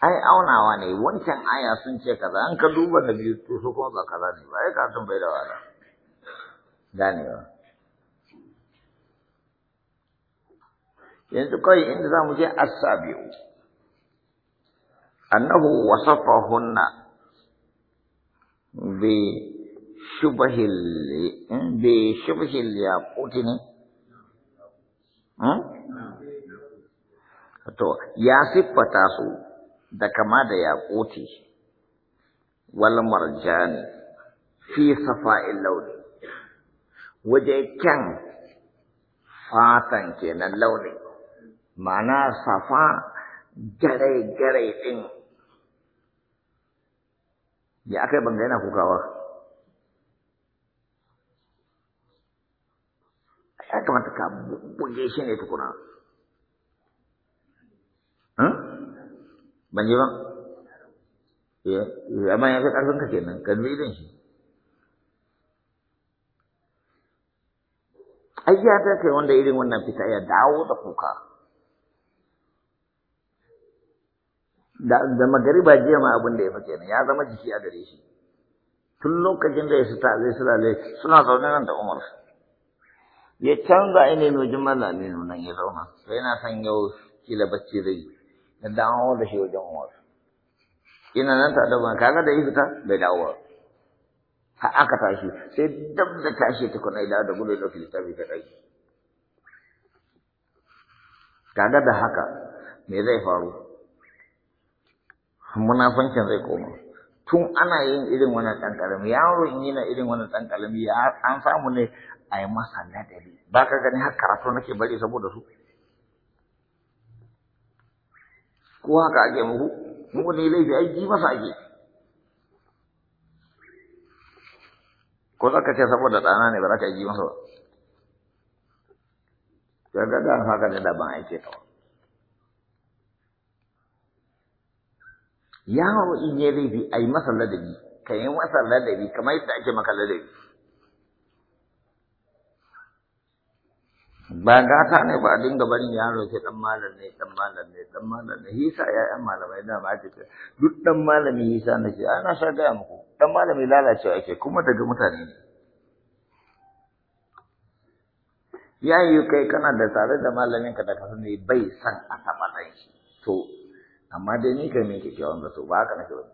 ai aunawa ne wancan aya sun ce kaza an ka duba na biyu to su kuma ba kaza ne ba ai karatun bai da wala ba yanzu kawai inda za je as-sabiu annahu wasafahunna بشبه ya الياقوت ne hmm? to ya siffata su da kama da Yaƙoti, wal marjani fi safa'il launi waje kyan fatan kenan launi ma'ana safa gare-gare ɗin ya aka yi banga yana kukawa ya kamata ka buge shi ne tukuna ban ji ya fi ƙarfin ka kenan ka bi idan shi ai ya ta kai wanda irin wannan fita ya dawo da kuka da ba jiya ma abin da ya fi kenan ya zama jiki a gare shi tun lokacin da ya sita zai sulale suna zaune nan da umar ya canza ainihin wajen malami nan ya zauna sai na son yau kila bacci zai yi da dawo da shi wajen umar ina nan ta da ban kaga da ifita bai dawo ba aka tashi sai dab da tashi kuna idan da gudu da ɗauki bi ta yi. kaga da haka me zai faru munafancin zai koma tun ana yin irin wannan dan ƙarami yaro in yana irin wannan dan ƙarami ya an samu ne a yi masa ladabi ba ka gani har karatu nake bari saboda su ko haka ake muku mu ne laifi aiki masa ake ko za ka ce saboda dana ne ba za ka yi masa ba ya ga da haka ne da ban aike ta yawo in yi laifi a yi masa ladabi ka yi masa ladabi kamar yadda ake maka ladabi ba gata ne ba a dinga bari yaro sai dan malam ne dan malam ne dan malam ne hisa ya'yan malamai da ba ta duk dan malami hisa na ce ana sa gaya muku dan malami lalacewa yake kuma daga mutane ne ya yi kai kana da tare da malamin ka da ka sani bai san a taɓa ɗan shi to amma dai ni kai kike kyakkyawan to ba ka nake ba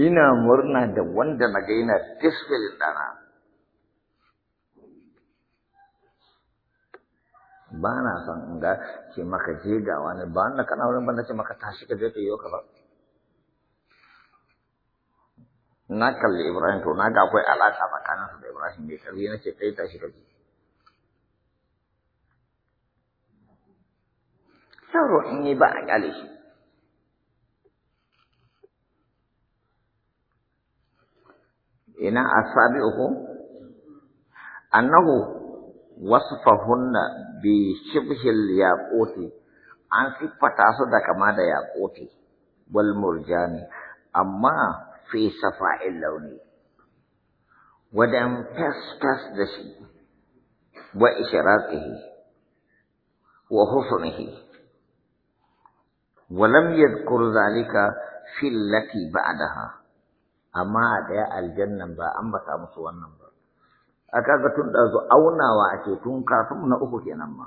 ina murna da wanda na ga yana disfilin ɗana ba na son in ga ce maka je ga wani ba na kana wurin ban ce maka tashi ka je ka yi ba na kalli Ibrahim to na ga akwai alaƙa su da Ibrahim mai karbi na ce kai tashi ka je sauro in yi ba a kyale shi ina asabi uku annahu wasu fahunna. بشبه الياقوت عن صفة أصد كما دا ياقوت والمرجان أما في صفاء اللون ودم تس تس دشي وإشراقه وحسنه ولم يذكر ذلك في التي بعدها أما دا الجنة با أما تامس ونم a kaga tun da zo aunawa ake tun kafin na uku kenan ma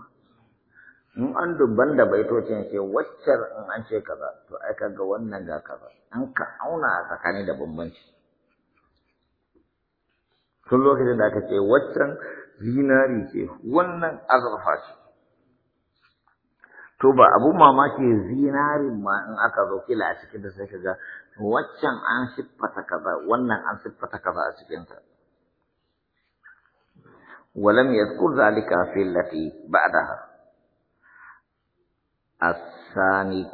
in an dubban da baitocin ce waccar in an ce kaza to ai kaga wannan ga kaza an ka auna a tsakani da bambanci tun lokacin da aka ce waccan zinari ce wannan azurfa ce to ba abun mamaki zinarin ma in aka zo kila a cikin da sai kaga waccan an siffata kaza wannan an siffata kaza a cikinta ولم يذكر ذلك في التي بعدها السانق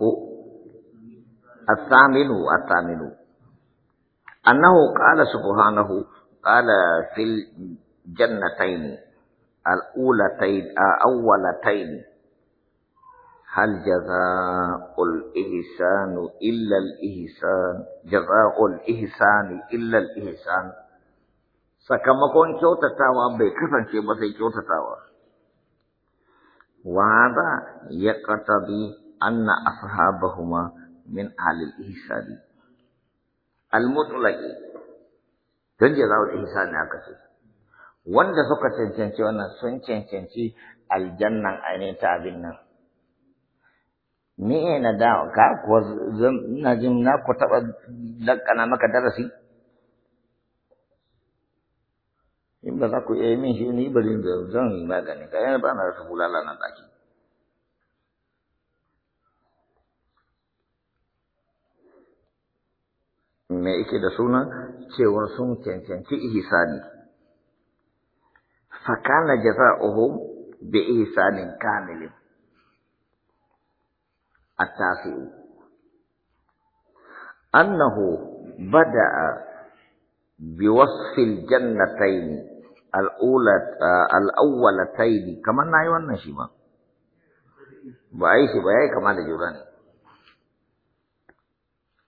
الثامن الثامن أنه قال سبحانه قال في الجنتين الأولتين أولتين هل جزاء الإحسان إلا الإحسان جزاء الإحسان إلا الإحسان sakamakon kyautatawa bai kasance ba sai kyautatawa وهذا يقتضي أن ihsani al mutlaqi dan ya zawo ihsani aka ce. wanda suka cancanci wannan sun cancanci aljannan ainihin ta abin nan ni na da ka kuwa na jin na ku taɓa lakana maka darasi in ba za ku iya min shi ni bari da zan yi magani ka yana ba na rasa bulala nan daki me yake da suna cewar sun cancanci ihsani fa kana jaza'uhum bi ihsanin kamilin التاسع annahu bada. بوصف الجنتين الأولى الأولتين كما نايو النشيمة بأي شيء كما نجوران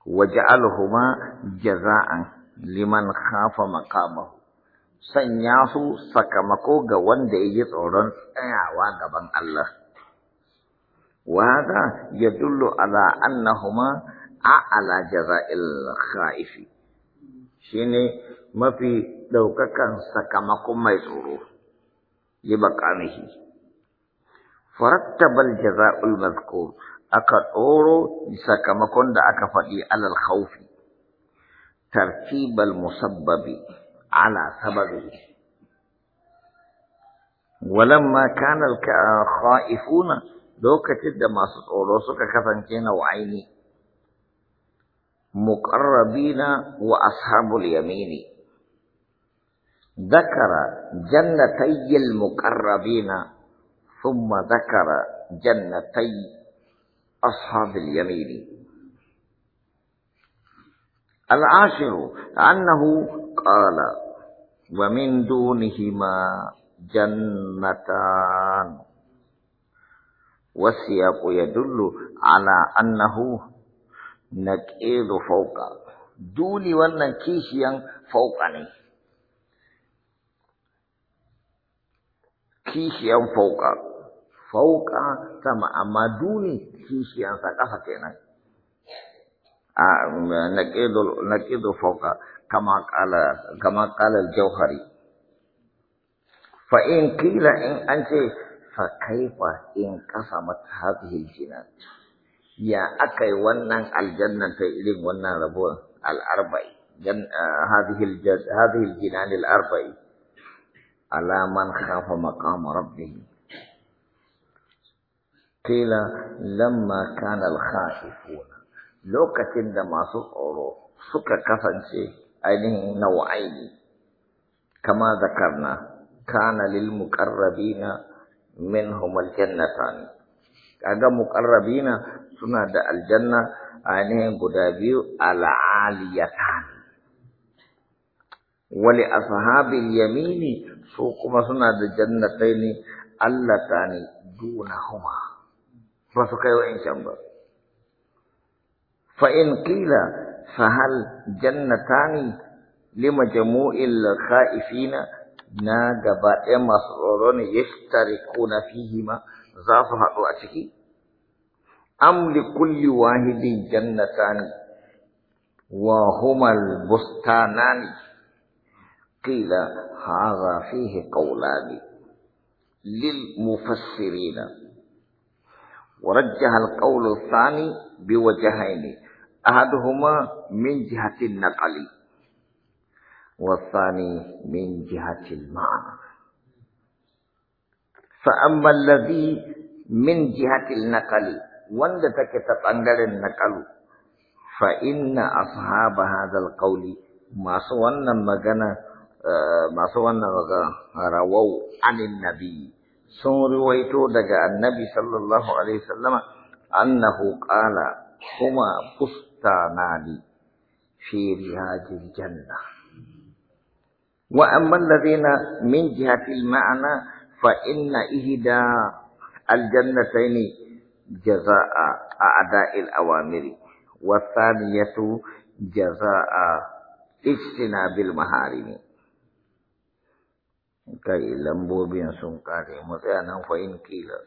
وجعلهما جزاء لمن خاف مقامه سنياسو سكمكو غوان دي يطورن سعوا غبان الله وهذا يدل على أنهما أعلى جزاء الخائفين shine mafi daukakan sakamakon mai tsoro ya yi baƙamihi farattabal jaza'ul mazkur aka tsoro sakamakon da aka faɗi alal khawfi tartibal musabbabi ala sababi ولما كان الخائفون لو الدماس ما سكا كفن كينا وعيني مقربين وأصحاب اليمين ذكر جنتي المقربين ثم ذكر جنتي أصحاب اليمين العاشر أنه قال ومن دونهما جنتان والسياق يدل على أنه Na ƙezo fauka duni wannan kishiyan fauka ne kishiyan fauka fauka sama amma duni kishiyan sa kafa kenan a naqidu naqidu fauka kama ƙalar jauhari. Fa’in al fa in in an ce fa kaifa in mata hafi al na. ya aka yi wannan aljannan ta irin wannan rabuwar al'arba'i hadhihi aljinan al'arba'i ala man khafa maqama rabbih qila lamma kana al-khashifun lokacin da masu tsoro suka kasance ainihin nau'aini kama zakarna kana lil muqarrabina minhum al-jannatan kaga muqarrabina suna da aljanna ainihin guda biyu aliyatan wali ashabil yamini su kuma suna da jannatai ne allatani dunahuma ba su kai wa'incan ba fa in qila fa hal lima jamu'il khaifina na gaba ɗaya masu tsoro ne ya shitare ko na fihima za su haɗu a ciki أم لكل واحد جنتان وهما البستانان قيل هذا فيه قولان للمفسرين ورجح القول الثاني بوجهين أحدهما من جهة النقل والثاني من جهة المعنى فأما الذي من جهة النقل wanda take ta ɓangaren naƙalu fa inna ashaba hadzal qawli masu wannan magana masu wannan magana rawau anin nabi sun ruwaito daga annabi sallallahu alaihi wasallama annahu qala kuma fustana fustanani fi rihajil janna wa amma alladhina min jihati al-ma'na fa inna ihda al-jannatayn جزاء أعداء الأوامر والثانية جزاء اجتناب المحارم kai lambobin sun kare matsaya nan fa'in kila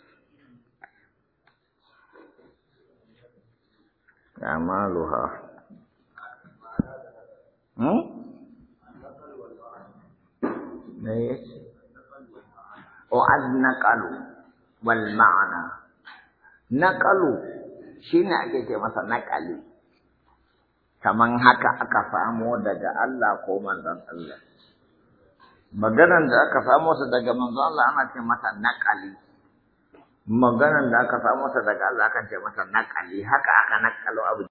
amaluha hmm? ne o annaqalu wal ma'ana Naƙalu shi ne ake ce masa naƙali, kaman haka aka samu daga Allah ko manzon Allah. Maganan da aka samu sa daga manzon Allah ana ce masa naƙali. Maganan da aka samu sa daga Allah aka ce masa naƙali, haka aka naƙalo abu.